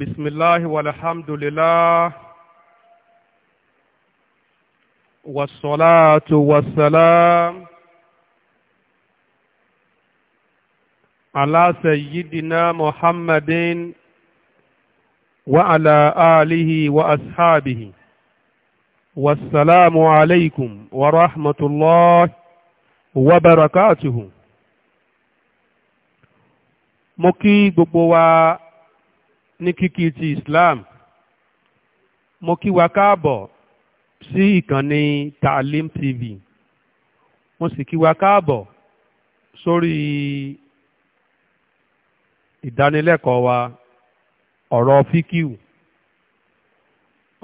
بسم الله والحمد لله والصلاة والسلام على سيدنا محمد وعلى آله وأصحابه والسلام عليكم ورحمة الله وبركاته مكي ببوا ní kíkí ti Islam mo kí wa káàbọ̀ sí ìkànnì Taalim TV mo sì kí wa káàbọ̀ sórí ìdánilẹ́kọ̀ọ́ wa ọ̀rọ̀ fíkíù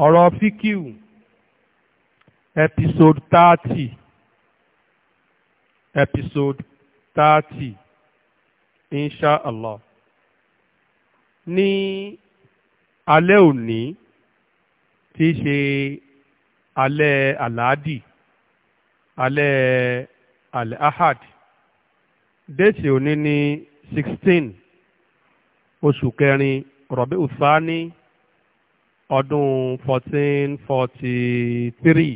ọ̀rọ̀ fíkíù episode thirty episode thirty insha Allah ní alẹ́ òní tí í ṣe alẹ́ aláàdì alẹ́ al-ahad déètì òní ní sixteen oṣù kẹrin rọ̀bí ùsáni ọdún fourteen forty three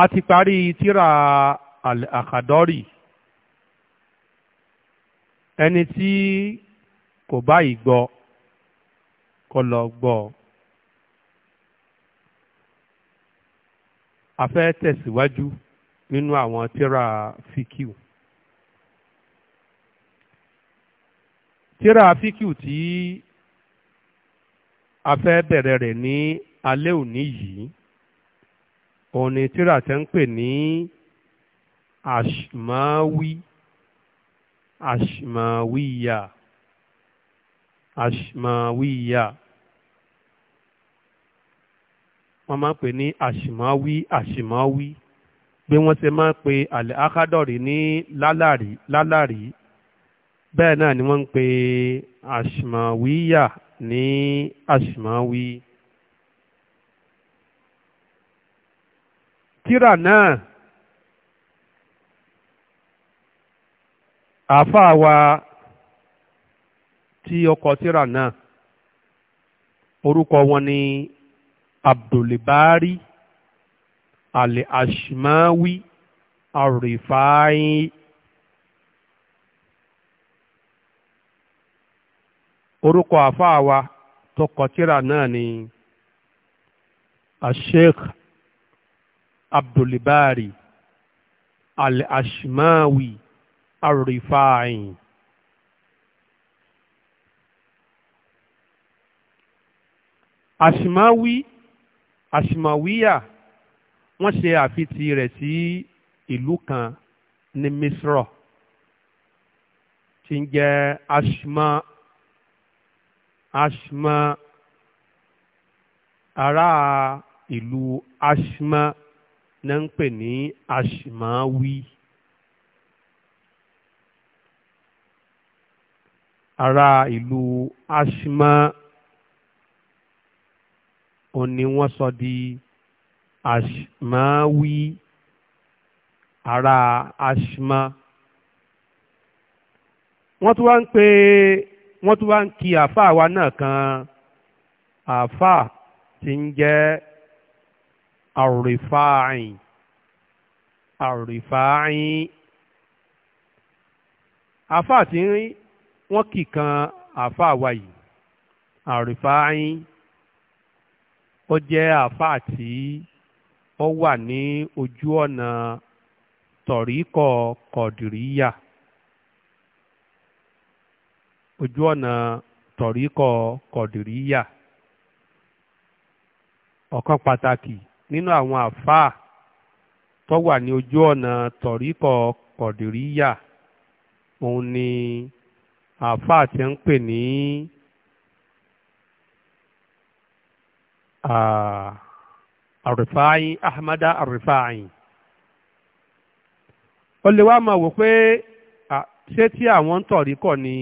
a ti parí tírà al-akadori. Al ẹni tí kò báyìí gbọ́ kó lọ gbọ́ a fẹ́ tẹ̀síwájú nínú àwọn tíra fíkìú tíra fíkìú tí a fẹ́ bẹ̀rẹ̀ rẹ̀ ní alẹ́ òní yìí òun ni tíra tẹ́ ń pè ní àṣmáwí àṣmàwíyà àṣmàwíyà wọ́n máa ń pè ní àṣìmáwí àṣìmáwí bí wọ́n ṣe máa ń pe àlẹ́ akádọ̀rí ní lálàrí lálàrí bẹ́ẹ̀ náà ni wọ́n ń pe àṣìmáwíyà ní àṣìmáwí. tíra náà àáfàá wa tí ọkọ̀ tíra náà orúkọ wọn ni abdulbari al-ashmawi arifai orúkọ àáfàá wa tó kọ tíra náà ni asheikh abdulbari al-ashmawi. al ashmawi àrùrífàáyìn àṣìmáwí àṣìmáwíyà wọ́n ṣe àfitì rẹ̀ sí ìlú kan ní misro tí ń jẹ́ ashma ashma ara ìlú ashma náà ń pè ní ashmawi. ará ìlú ashima òun ni wọ́n sọ di ashmawi ará ashima wọ́n tún wá ń pe wọ́n tún wá ń kí àáfàá wa náà kan àáfàá tí ń jẹ́ àrìfáàyìn àrìfáàyìn àáfàá tí ń wọ́n kì kan àáfàá wa yìí àrífáàyín ó jẹ́ àáfàá tí ó wà ní ojú ọ̀nà tọ̀ríkọ̀ kọ̀dìríyà ojú ọ̀nà tọ̀ríkọ̀ kọ̀dìríyà ọ̀kan pàtàkì nínú àwọn àáfàá tó wà ní ojú ọ̀nà tọ̀ríkọ̀ kọ̀dìríyà òun ni. àáfàá tí ń pè ní àrífàáyín ahmada àrífàáyín ó lè wá máa wò pé ṣé tí àwọn ń tọ̀rí kọ̀ ni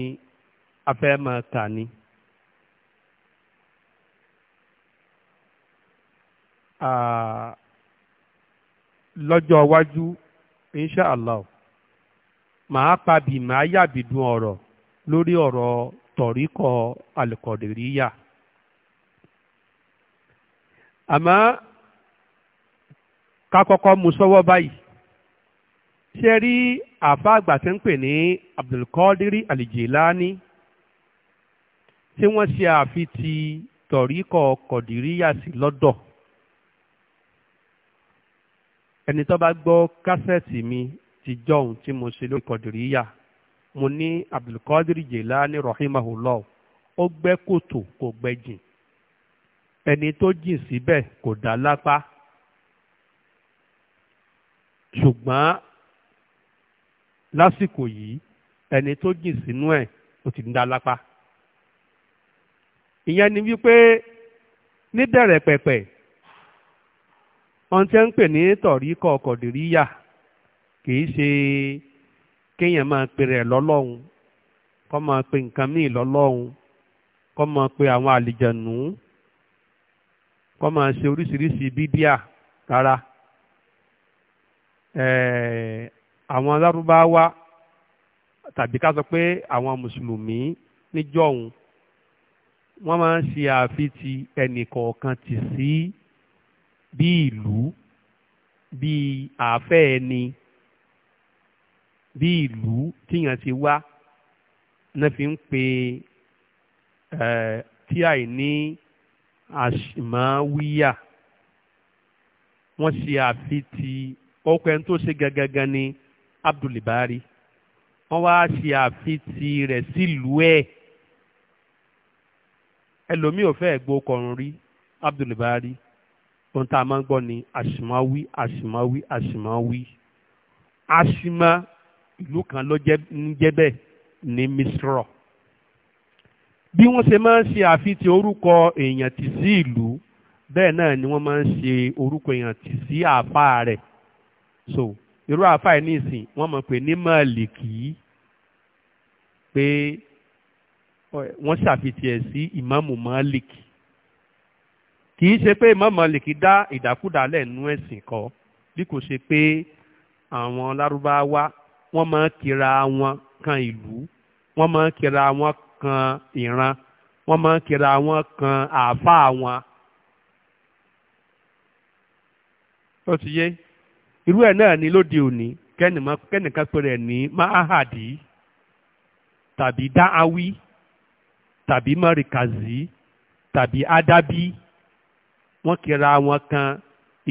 a ni. lọ́jọ́ iwájú insha Allah màá pa lórí ọ̀rọ̀ tọ̀ríkọ̀ alìkọ̀dìríyà àmọ́ ká kọ́kọ́ mú sọ́wọ́ báyìí ṣe rí àfa àgbà tí ń pè ní Abdulkadiri Alijilani tí wọ́n ṣe àfi ti tọ̀ríkọ̀ kọ̀dìríyà sí lọ́dọ̀ ẹni tó bá gbọ́ kásẹ̀tì mi ti jọ̀hún tí mo ṣe lórí kọ̀dìríyà mo ní abdulkadir jelani rahimahullah ó gbẹ́ kòtò kò gbẹ́ jìn ẹni tó jìn síbẹ̀ kò dá lápá ṣùgbọ́n lásìkò yìí ẹni tó jìn sínú ẹ ó ti ń dá lápá ìyẹn ni wípé níbẹ̀rẹ̀ pẹ̀pẹ̀ wọ́n ti ń pè ní tọ̀rí kọ̀ọ̀kọ̀dìríyà kì í ṣe kéèyàn máa pe rẹ̀ lọ́lọ́run kó máa pe nǹkan míì lọ́lọ́run kó máa pe àwọn àlìjànú kó máa ṣe oríṣiríṣi bídíà rárá àwọn alárúbáwá tàbí ká sọ pé àwọn mùsùlùmí níjọ́hun wọ́n máa ń ṣe àfitì ẹnìkọ̀ọ̀kan tì sí bí ìlú bí àáfẹ́ ẹni bí ìlú tíyàn ti wá náà fi ń pe tí àìní àṣìmáwíyà wọ́n ṣe àfi ti ọkọ̀ ẹni tó ṣe gangan ni Abdulbari wọ́n wá ṣe àfi ti rẹ̀ sílùú ẹ̀ ẹlòmíì ò fẹ́ gbọ́ kọrùn rí Abdulbari ohun tá a máa ń gbọ́ ni àṣìmáwí àṣìmáwí àṣìmáwí àṣìmá ìlú kan ló ń jẹ́ bẹ́ẹ̀ ní misro bí wọ́n ṣe máa ń ṣe àfitì orúkọ èèyàn tì sí ìlú bẹ́ẹ̀ náà ni wọ́n máa ń ṣe orúkọ èèyàn tì sí àáfàá rẹ̀ so irú àáfàá yìí nìsín wọ́n mọ̀ pé ní Málíkì pé wọ́n ṣàfitì ẹ̀ sí ìmáàmù Málíkì kì í ṣe pé ìmáàmù Málíkì dá ìdàkúdà lẹ́nu ẹ̀sìn kọ́ bí kò ṣe pé àwọn lárúbáwá wọ́n máa ń kira wọn kan ìlú wọ́n máa ń kira wọn kan ìran wọ́n máa ń kira wọn kan àáfàá wọn. ó ti yé irú ẹ̀ náà ni lóde òní kẹ́nìkan péré ní máhàdì tàbí dáháwí tàbí mọ́rìkàzí tàbí ádábí wọ́n kira wọn kan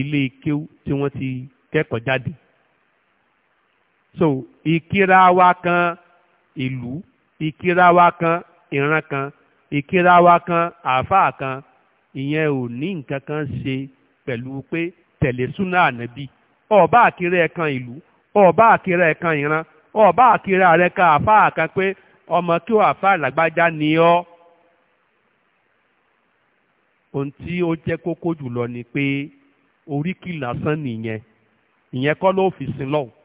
ilé kéwú tí wọ́n ti kẹ́kọ̀ọ́ jáde so ìkíra wa kan ìlú ìkíra wa kan ìran kan ìkíra wa kan àáfàá kan ìyẹn ò ní nǹkan kan ṣe pẹ̀lú pé tẹ̀lé súnà ànábì ọba àkírá ẹ̀ kan ìlú ọba àkírá ẹ̀ kan ìran ọba àkírá rẹ̀ kan àáfàá kan pé ọmọ kí ó àáfàá làgbájá ni ọ́ ohun tí ó jẹ́ kókó jùlọ ni pé oríkì lásán nìyẹn ìyẹn kọ́ ló fi sin lọ́hùn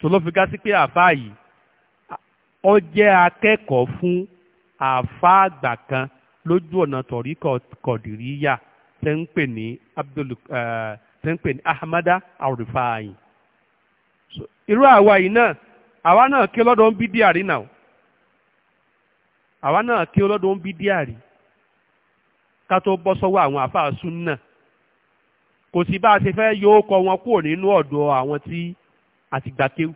tó ló fi ká sí pé àáfàá yìí ó jẹ́ akẹ́kọ̀ọ́ fún àáfàá àgbà kan lójú ọ̀nà tọ̀rí kọ̀dìríyà tẹ́ ní Abdul tẹ́ ń pè ní Ahmada Arifai irú àwa yìí náà àwa náà kí ọlọ́dọ̀ ń bí díàrí náà àwa náà kí ọlọ́dọ̀ ń bí díàrí ká tó bọ́ sọ́wọ́ àwọn àáfàá sún náà kò sí bá a ṣe fẹ́ yóò kọ wọn kúrò nínú ọ̀dọ̀ àwọn tí àti gbàkéwù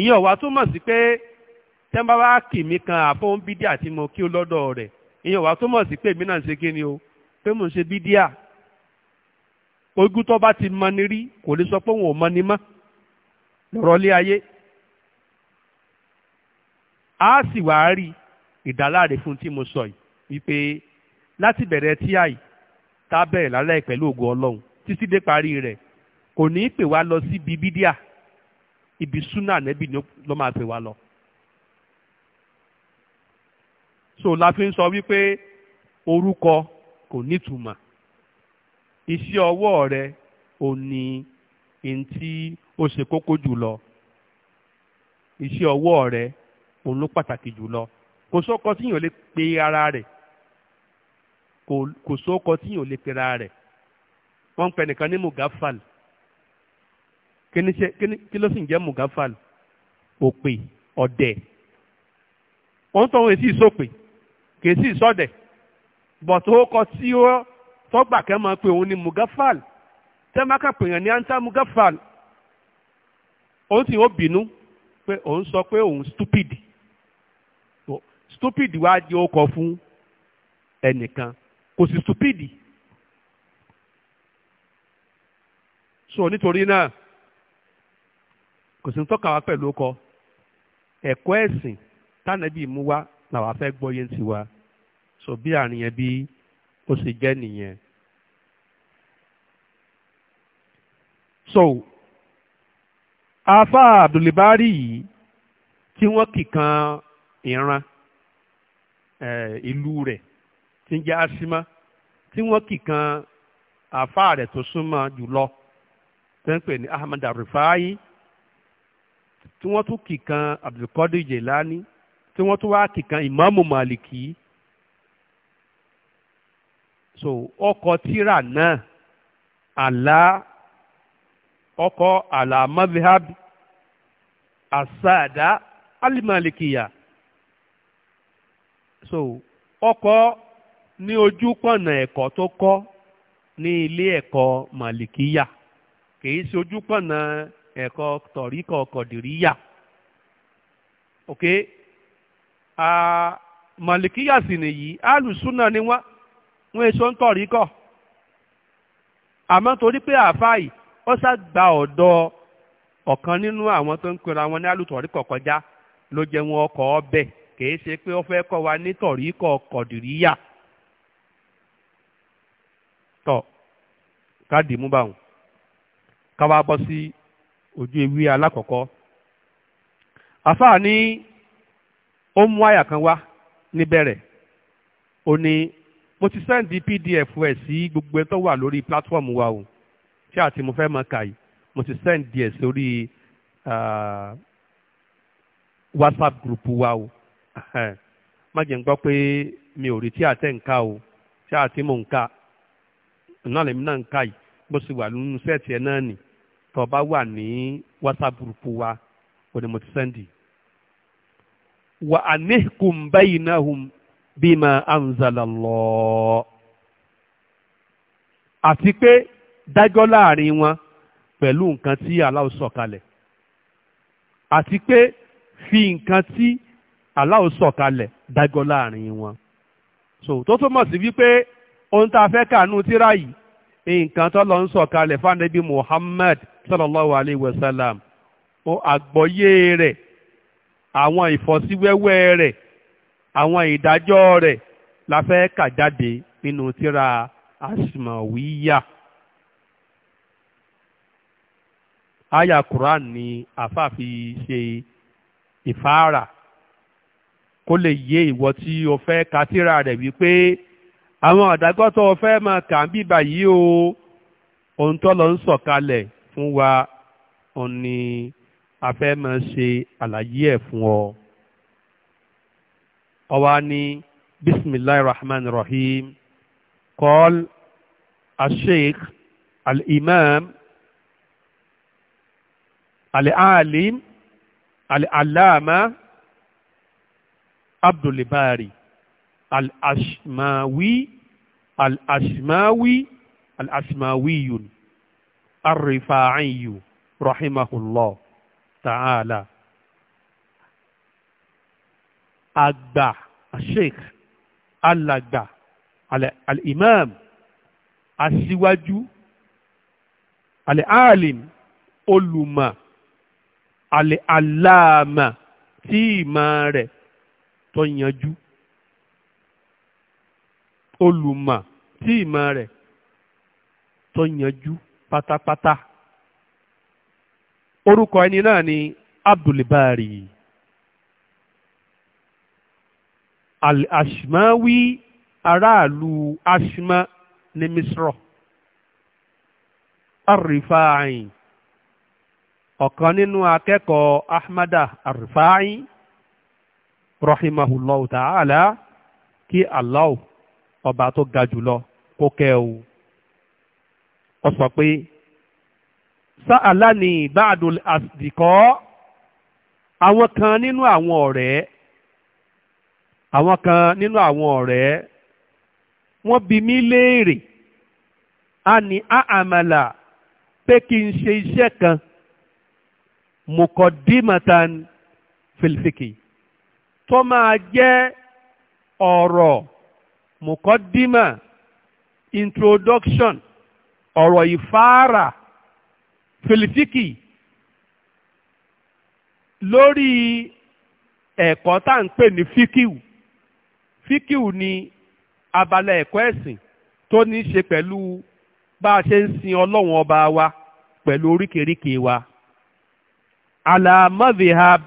ìyẹn ọ̀wá túmọ̀ sí pé tẹ́ńbà wá kì mí kan àfọ̀n bídíà tí mo kí ó lọ́dọ̀ rẹ̀ ìyẹn ọ̀wá túmọ̀ sí pé èmi náà ń ṣe kí ni o pé mò ń ṣe bídíà ogún tó bá ti mọ ni rí kò lè sọ pé òun ò mọ ni mọ́ lọ́rọ̀ lé ayé a sì wá rí ìdáláre fún tí mo sọ yìí wípé láti bẹ̀rẹ̀ tíà yìí tá a bẹ̀rẹ̀ lálẹ́ pẹ̀lú ògo ọlọ́run títí dé parí rẹ̀ kò ní í pè wá lọ síbi bídíà ibi súnà ànẹ́bì ló máa pè wá lọ. so la fi ń sọ wípé orúkọ kò nítumọ̀ iṣẹ́ ọwọ́ rẹ ò ní ẹni tí ó ṣe kókó jùlọ iṣẹ́ ọwọ́ rẹ òun ló pàtàkì jùlọ kò sóko tí yìnyín ò lè pe ara rẹ̀ kò sóko tí yìnyín ò lè pe ara rẹ̀ wọ́n pẹ nìkan ní mugafal kí ló sì ń jẹ́ mugafal òpè ọ̀dẹ̀ òun tó ń èsì ìsòpè kì í sì sọ̀dẹ̀ bọ̀tò ó kọ tí o tọ́gbà kẹ́ máa pe òun ní mugafal tẹ́mákà pèèyàn ní anta mugafal òun sì ó bínú pé òun sọ pé òun stupid stupid wá di ó kọ fún ẹnìkan kò sì stupid so nítorí náà. kò sí ní tọ́ka wa pẹ̀lú ọkọ ẹ̀kọ́ ẹ̀sìn tánàbí mú wá làwa fẹ́ gbọ́ yé ti wa so bí àárín yẹn bí ó sì jẹ́ nìyẹn. so afa abdulbari yìí tí wọ́n kìkan ìran ìlú rẹ̀ ti ń jẹ́ asima tí wọ́n kìkan afa rẹ̀ tó súnmọ́ jùlọ tó ń pè ní ahmed arifai. tí wọ́n tún kìkan Abdulkadir Jelani tí wọ́n tún wá kìkan Ìmáàmù Maliki. so ọkọ tíra náà àlá ọkọ̀ àlá mazhab àsáàdá alimalikiya so ọkọ ní ojú pọ̀nà ẹ̀kọ́ tó kọ́ ní ilé ẹ̀kọ́ Malikiya. kì í ṣe ojú pọ̀nà ẹ̀kọ́ tọ̀ríkọ̀ kọ̀dìríyà ok màlìkíyà sì nìyí náà ni wọ́n wọ́n èso ń tọ̀ríkọ̀ àmọ́ torí pé àfáì ó ṣàgbà ọ̀dọ́ ọ̀kan nínú àwọn tó ń pera wọn ní alùtọ̀ríkọ̀ kọjá ló jẹ́ wọn ọkọ̀ ọbẹ̀ ṣe pé ó fẹ́ kọ́ wa ní ojú ewé alákọ̀ọ́kọ́ àfáà ní ó mú àyà kan wá níbẹ̀rẹ̀ ó ní mo ti sẹ́ǹdì pdf ẹ̀ sí gbogbo ẹ wà lórí platform wa o tí àti mo fẹ́ mọ kà yìí mo ti sẹ́ǹdì ẹ̀ sórí whatsapp group wa o má jẹ́ ń gbọ́ pé mi ò rí tí àtẹ̀ ń ká o tí àti mò ń ká náà lèmi náà ń ká yìí bó sì wà nínú sẹ́ẹ̀tì ẹ̀ náà nì tó bá wà ní whatsapp group wa kò mo ti sẹ́ndì. wà á ní kùn báyìí náà hùn bima anzala Allah. àti pé dájọ́ láàrin wọn pẹ̀lú nǹkan tí Allah sọ̀kalẹ̀ àti pé fi nǹkan tí Allah sọ̀kalẹ̀ dájọ́ láàrin wọn. so tó túmọ̀ sí wípé ohun tá a fẹ́ kànú tíra yìí nǹkan tó lọ ń sọ̀kalẹ̀ fáńdẹ́bí Muhammad sallallahu alayhi wa sallam ó àgbọ́yé rẹ̀ àwọn ìfọ́síwẹ́wẹ́ rẹ̀ àwọn ìdájọ́ rẹ̀ la fẹ́ kà jáde nínú tírà Asmawiya. aya Quran ni àfàfi ṣe ìfáàrà kó lè yé ìwọ tí o fẹ́ ka tírà rẹ̀ wípé àwọn àdágọ́tọ̀ ọ̀fẹ́ máa kà ń bíbà yìí o ohun tó lọ ń sọ̀kalẹ̀ fún wa òun ni a fẹ́ máa ṣe àlàyé ẹ̀ fún ọ. ọwa ni bisimilahi rahman rahim kọ́l asheikh al-imam al-alim al-alama abdulbari al-ashmawi. Al al-ashimawi al-ashimawiyu ar-rifa'iyu rahimahullah ta'ala àgbà sheikh alàgbà al-imam aṣíwájú al-alim olùmọ̀ al-allama tí ìmọ̀ rẹ̀ tó yanjú olùmọ̀ tí ìmọ̀ rẹ̀ tó yanjú pátápátá orúkọ ẹni náà ni abdulbari al-ashmawi aráàlú ashma ní misro arrifaayi ọ̀kan nínú akẹ́kọ̀ọ́ ahmada arrifaayi rahimahullahu ta'ala kí allahu ọba tó ga jùlọ kó kẹ́ o ó sọ pé sa'alani ba'dul asdikọ àwọn kan nínú àwọn ọ̀rẹ́ àwọn kan nínú àwọn ọ̀rẹ́ wọ́n bi mí léèrè a ní àmàlà pé kí n ṣe iṣẹ́ kan mukodimatan filfiki tó máa jẹ́ ọ̀rọ̀ mùkọ́dímà introduction ọ̀rọ̀ ìfáàrà filifiki lórí ẹ̀kọ́ tá à ń pè ní fíkìw fíkìw ni abala ẹ̀kọ́ ẹ̀sìn tó ní í ṣe pẹ̀lú bá a ṣe ń sin ọlọ́run ọba wa pẹ̀lú oríkèéríkèé wa alamazihab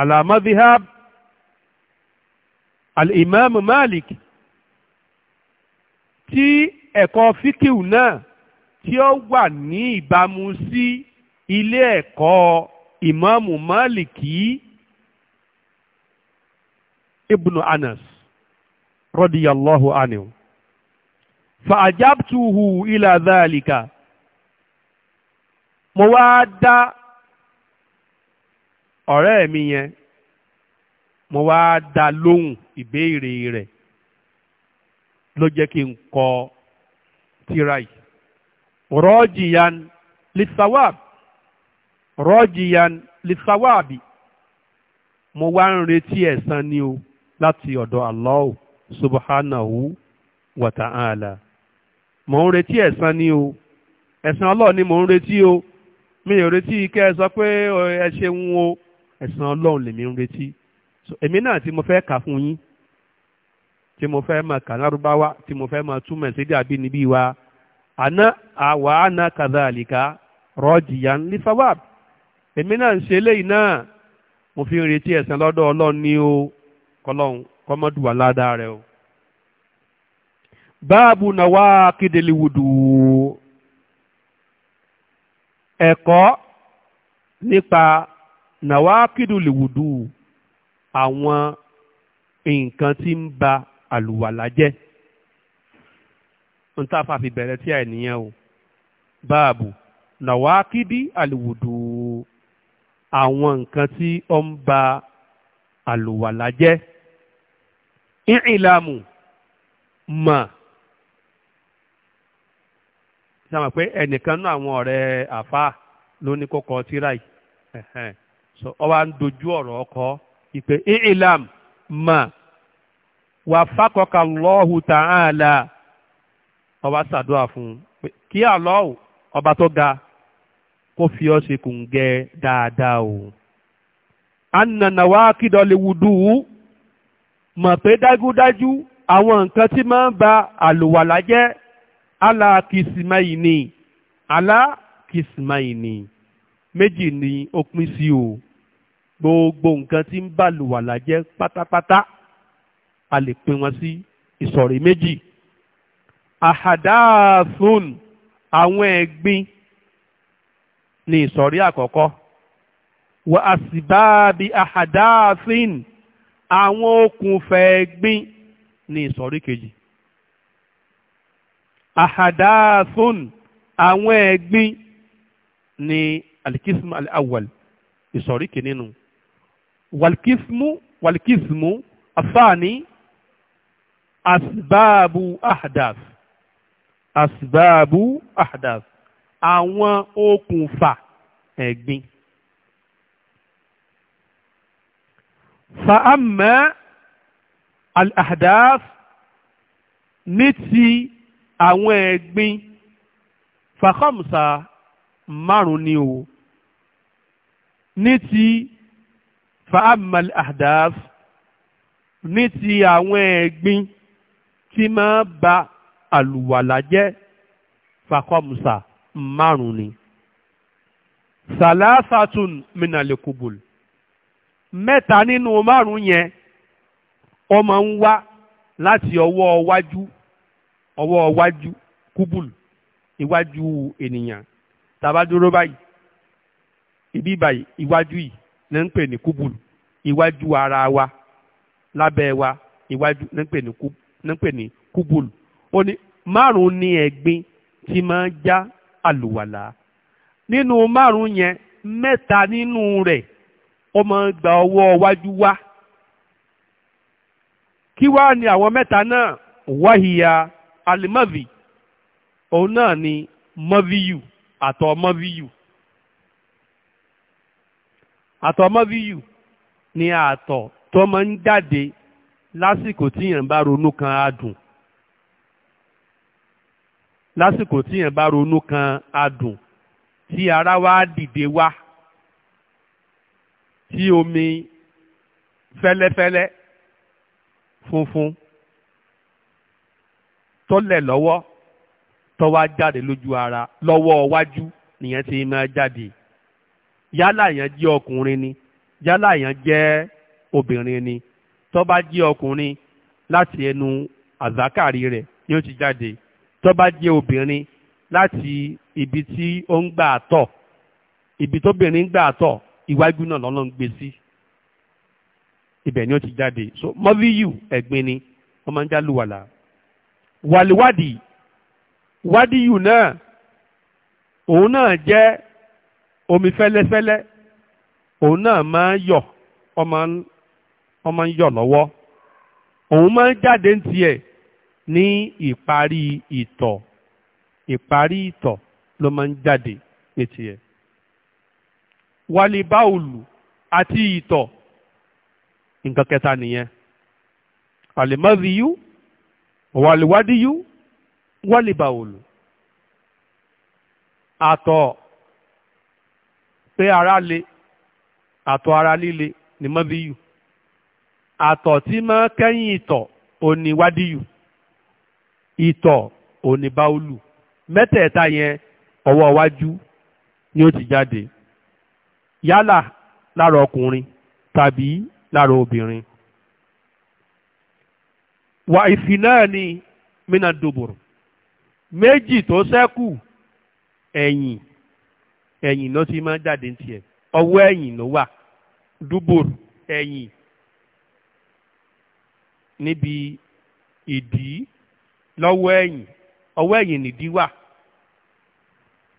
alamazihab al-imam malik tí ẹ̀kọ́ fíkìw náà tí ó wà ní ìbámu sí ilé ẹ̀kọ́ ìmáàmù máàlìkì ibnu anas radiyallahu anhu fa ajabtuhu ila mo wá dá ọ̀rẹ́ mi yẹn mo wá dá lóhùn ìbéèrè rẹ ló jẹ́ kí n kọ tírà yìí rọ́ọ̀jìyàn lisawab rọ́ọ̀jìyàn lisawabi mo wá ń retí ẹ̀san ni o láti ọ̀dọ̀ Allah subhanahu wa àlà mo ń retí ẹ̀san ni o ẹ̀san Allah ni mo ń retí o mi ò retí kẹ́ ẹ sọ pé ẹ ṣeun o ẹ̀san Allah lèmi ń retí. so èmi náà tí mo fẹ́ kà fún yín tí mo fẹ́ máa kà lárúbáwá tí mo fẹ́ máa túmọ̀ sí dàbí níbí wa àná àwa àná kàdáàlìkà rọ́ọ̀jìyàn lífàwáb èmi náà ń ṣe eléyìí náà mo fi ń retí ẹ̀san lọ́dọ̀ ọlọ́run ní o kọlọ́run kọ́mọ́dùwà ládàá rẹ o. báàbù nàwa kídeliwudu ẹ̀kọ́ nípa nàwa kídeliwudu àwọn nǹkan tí ń ba àlùwàlá jẹ́ ń tá a fà fi bẹ̀rẹ̀ tí àìníyàn o báàbù nàwákídí àlùwùdù àwọn nǹkan tí ó ń ba àlùwàlá jẹ́ ìrìnlámù mà sàmà pé ẹnìkan náà àwọn ọ̀rẹ́ àfáà ló ní tíráì ẹ̀hẹ́n so ọ wá ń dojú ọ̀rọ̀ ọkọ ìpè ìlàm mà wàfákọ̀ọ́kà lọ́hù tààlà ọba ṣàdúrà fún un kí àlọ́hù ọba tó ga kó fi ọ́ ṣe kùngẹ́ dáadáa o. anna nawakidọ̀ lè wudu mọ̀ pé dájúdájú àwọn nǹkan tí máa ń ba àlùwàlá jẹ́ alákìsìmáyìní alákìsìmáyìní méjì ni ó pín sí o gbogbo nǹkan tí ń bà lùwàlà jẹ́ pátápátá a lè pín wọn sí ìsọ̀rí méjì àhàdáàfún àwọn ẹ̀gbin ni ìsọ̀rí àkọ́kọ́ wà àsìbáàbí àhàdáàfín àwọn okùnfà ẹ̀gbin ni ìsọ̀rí kejì àhàdáàfún àwọn ẹ̀gbin ni alikismu alawal ìsọ̀rí kìíní والكسم والكسم الثاني أسباب أحداث أسباب أحداث àwọn okùnfà ẹ̀gbin. fa'amma al-ahdaf ní ti àwọn ẹ̀gbin fa khamsa márùn-ún ni o ní ti fa'amal ahdaf ní ti àwọn ẹ̀gbin tí máa ba àlùwàlá jẹ́ fakọ́musa márùn ni salasatun minalekubul mẹ́ta nínú márùn yẹn ó máa ń wá láti ọwọ́ wájú ọwọ́ wájú kubul iwájú ènìyàn tàbá dúró báyìí ibi báyìí iwájú yìí ní ń pè ní kúbùlù iwájú ara wa lábẹ́ wa iwájú ní ń pè ní kúbùlù ó ní márùn-ún ní ẹ̀gbin tí máa ń já àlùwàlà nínú márùn-ún yẹn mẹ́ta nínú rẹ̀ ó máa ń gba ọwọ́ wájú wá kí wá ni àwọn mẹ́ta náà wáhìyà alimọ́vì òun náà ni mọ́víyù àtọ̀ mọ́víyù àtọmọ́bíyù ni àtọ̀ tó máa ń jáde lásìkò tí èèyàn bá ronú kan adùn lásìkò tí èèyàn bá ronú kan adùn tí ara wa dìde wá tí omi fẹ́lẹ́fẹ́lẹ́ funfun tó lẹ̀ lọ́wọ́ tó wá jáde lójú ara lọ́wọ́ wájú nìyẹn ti máa jáde yálà yẹn jẹ́ ọkùnrin ni yálà yẹn jẹ́ obìnrin ni tó bá jẹ́ ọkùnrin láti ẹnu àzákàrí rẹ̀ ni ó ti jáde tó bá jẹ́ obìnrin láti ibi tí ó ń gbà tọ̀ ibi tóbìnrin ń gbà tọ̀ iwájú náà lọ́nà ń gbé sí ibẹ̀ ni ó ti jáde so mọ́víyù ẹ̀gbin ni wọ́n máa ń já lùwàlà wàlíwádìí wádìí yù náà òun náà jẹ́ omi fẹ́lẹ́fẹ́lẹ́ òun náà máa ń yọ̀ ọmọ ń yọ̀ lọ́wọ́ òun máa ń jáde ń tiẹ̀ ní ìparí ìtọ̀ ìparí ìtọ̀ ló máa ń jáde ní tiẹ̀ wàlíbáòlù àti ìtọ̀ nǹkan kẹta nìyẹn àlèmọ́ríyú wàlíwádìíyú wàlíbáòlù àtọ̀ pé ara le àtọ̀ ara líle ni mọ́bíyù àtọ̀ tí máa kẹ́yìn ìtọ̀ òní wádìyù ìtọ̀ òní báúlù mẹ́tẹ̀ẹ̀ta yẹn ọwọ́ iwájú ni ó ti jáde yálà lára ọkùnrin tàbí lára obìnrin wà ìfì náà ni mínà dòbòrò méjì tó ṣẹ́kù ẹ̀yìn ẹ̀yìn náà sì máa jáde ní tiẹ̀ ọwọ́ ẹ̀yìn ló wà dúbòrò ẹ̀yìn níbi ìdí lọ́wọ́ ẹ̀yìn ọwọ́ ẹ̀yìn nìdí wà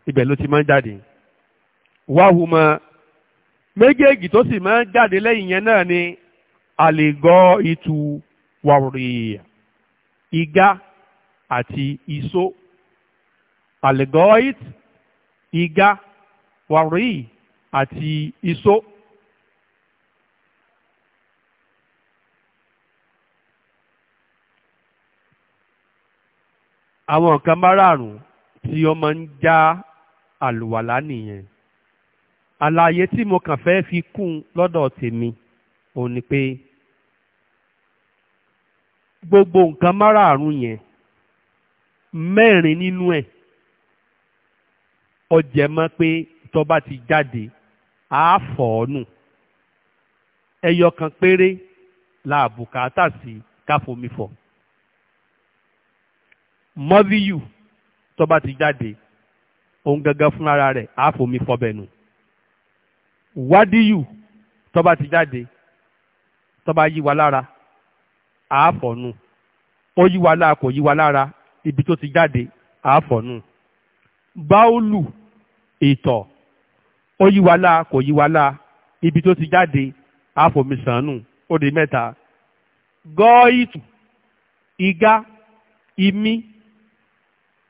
ibẹ̀ ló ti máa ń jáde wáhùmọ́ méjèèjì tó sì máa ń jáde lẹ́yìn yẹn náà ni àlègọ́ ìtù wàrìyà igá àti ìsó àlègọ́ ìtù igá wàrí àti iṣó. àwọn nǹkan márààrún tí ọmọ ń já àlùwàlá nìyẹn àlàyé tí mo kàn fẹ́ fi kún lọ́dọ̀ tèmi òun ni pé gbogbo nǹkan márààrún yẹn mẹ́rin nínú ẹ̀ ó mọ́ pé tó bá ti jáde á fọ̀ ọ́ nù ẹyọ kan péré la bùkátà sí káfomi fọ̀ mọ́víyù tó bá ti jáde òun gangan fún ara rẹ̀ á fomi fọ̀ bẹ̀ nù wádìyù tó bá ti jáde tó bá yí wa lára àáfọ̀nù ó yí wa lára kò yí wa lára ibi tó ti jáde àáfọ̀nù báúlù ìtọ̀ ó yí wa láa kò yí wa láa ibi tó ti jáde àfòmísànù ó di mẹ́ta gọ́ọ̀ìtù igá imí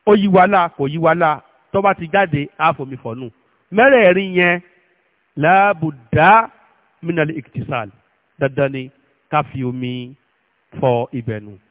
ó yí wa láa kò yí wa láa tó bá ti jáde àfòmífọ̀nù mẹ́rẹ̀ẹ̀rin yẹn láàbùdá mínàlì ìkìtìsàl dandan ni ká fi omi fọ ibẹ̀ nù.